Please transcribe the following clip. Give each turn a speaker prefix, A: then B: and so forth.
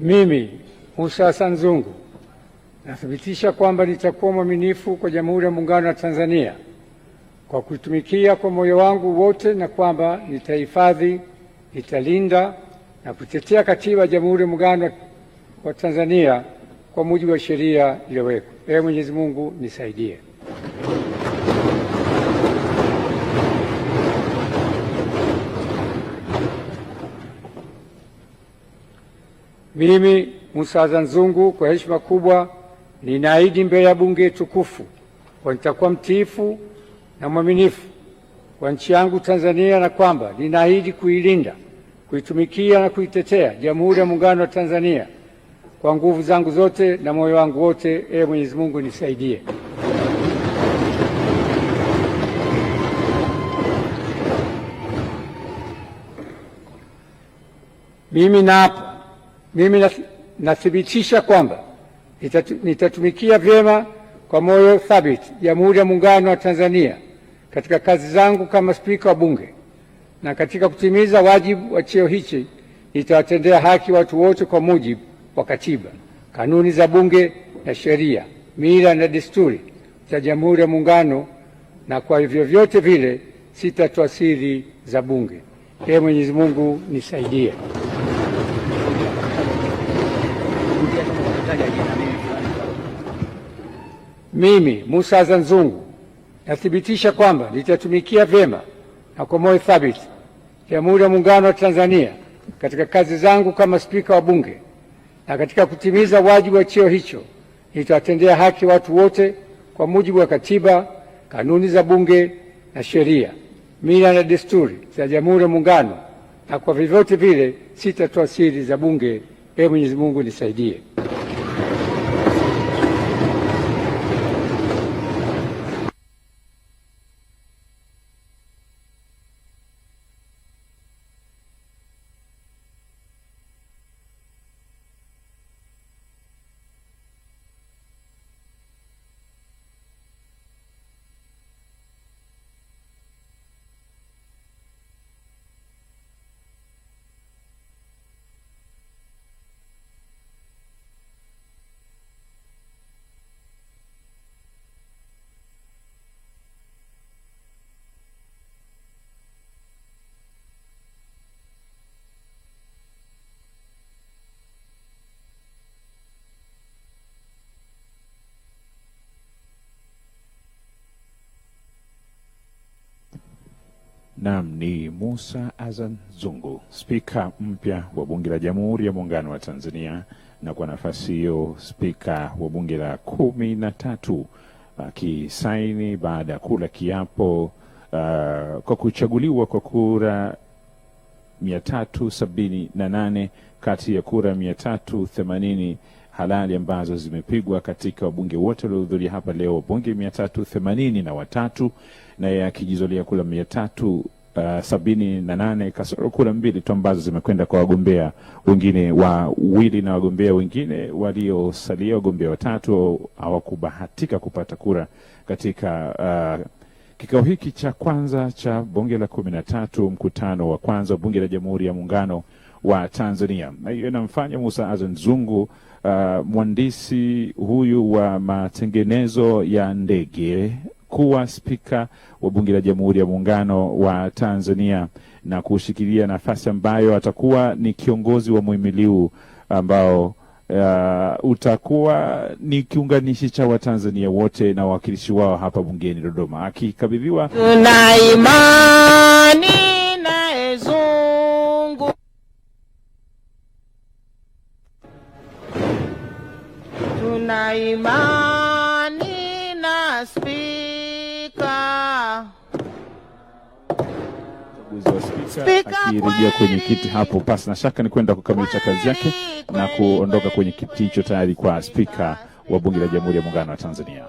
A: Mimi Musa Hassan Zungu nathibitisha kwamba nitakuwa mwaminifu kwa Jamhuri ya Muungano wa Tanzania kwa kuitumikia kwa moyo wangu wote na kwamba nitahifadhi, nitalinda na kutetea Katiba ya Jamhuri ya Muungano wa Tanzania kwa mujibu wa sheria iliyowekwa. Ee Mwenyezi Mungu nisaidie.
B: Mimi Musaza Nzungu kwa heshima kubwa ninaahidi mbele ya bunge tukufu kwa nitakuwa mtiifu na mwaminifu kwa nchi yangu Tanzania na kwamba ninaahidi kuilinda, kuitumikia na kuitetea Jamhuri ya Muungano wa Tanzania kwa nguvu zangu zote na moyo wangu wote. Ee Mwenyezi Mungu nisaidie.
C: Mimi naapa mimi nathibitisha kwamba nitatumikia vyema kwa moyo thabiti Jamhuri ya Muungano wa Tanzania katika kazi zangu kama Spika wa Bunge, na katika kutimiza wajibu wa cheo hichi nitawatendea haki watu wote kwa mujibu wa Katiba, kanuni za Bunge na sheria, mila na desturi za Jamhuri ya Muungano, na kwa vyote vile sitatoa siri za Bunge. Ee Mwenyezi Mungu nisaidie.
D: Mimi musa Azzan Zungu nathibitisha kwamba nitatumikia vyema na kwa moyo thabiti Jamhuri ya Muungano wa Tanzania katika kazi zangu kama Spika wa Bunge, na katika kutimiza wajibu wa cheo hicho nitawatendea haki watu wote kwa mujibu wa Katiba, kanuni za Bunge na sheria, mila na desturi za Jamhuri ya Muungano, na kwa vyovyote vile sitatoa siri za Bunge. Ee Mwenyezi Mungu nisaidie.
E: Naam, ni Musa Azan Zungu, spika mpya wa bunge la Jamhuri ya Muungano wa Tanzania, na kwa nafasi hiyo spika wa bunge la kumi na tatu akisaini baada ya kula kiapo uh, kwa kuchaguliwa kwa kura mia tatu sabini na nane kati ya kura mia tatu themanini halali ambazo zimepigwa katika wabunge wote waliohudhuria hapa leo, wabunge mia tatu themanini na watatu naye akijizolia kula mia tatu Uh, sabini na nane kasoro kura mbili tu ambazo zimekwenda kwa wagombea wengine wawili na wagombea wengine waliosalia, wagombea watatu hawakubahatika kupata kura katika uh, kikao hiki cha kwanza cha bunge la kumi na tatu, mkutano wa kwanza wa bunge la Jamhuri ya Muungano wa Tanzania, na hiyo inamfanya Musa Azan Zungu uh, mwandisi huyu wa matengenezo ya ndege kuwa spika wa bunge la Jamhuri ya Muungano wa Tanzania na kushikilia nafasi ambayo atakuwa ni kiongozi wa muhimiliu ambao Uh, utakuwa ni kiunganishi cha Watanzania wote na wawakilishi wao hapa bungeni Dodoma, akikabidhiwa
F: tuna imani Nina imani na spika.
E: Akirejea kwenye kiti hapo, pasi na shaka ni kwenda kukamilisha kazi yake na kuondoka kwenye kiti hicho tayari kwa spika wa bunge la Jamhuri ya Muungano wa Tanzania.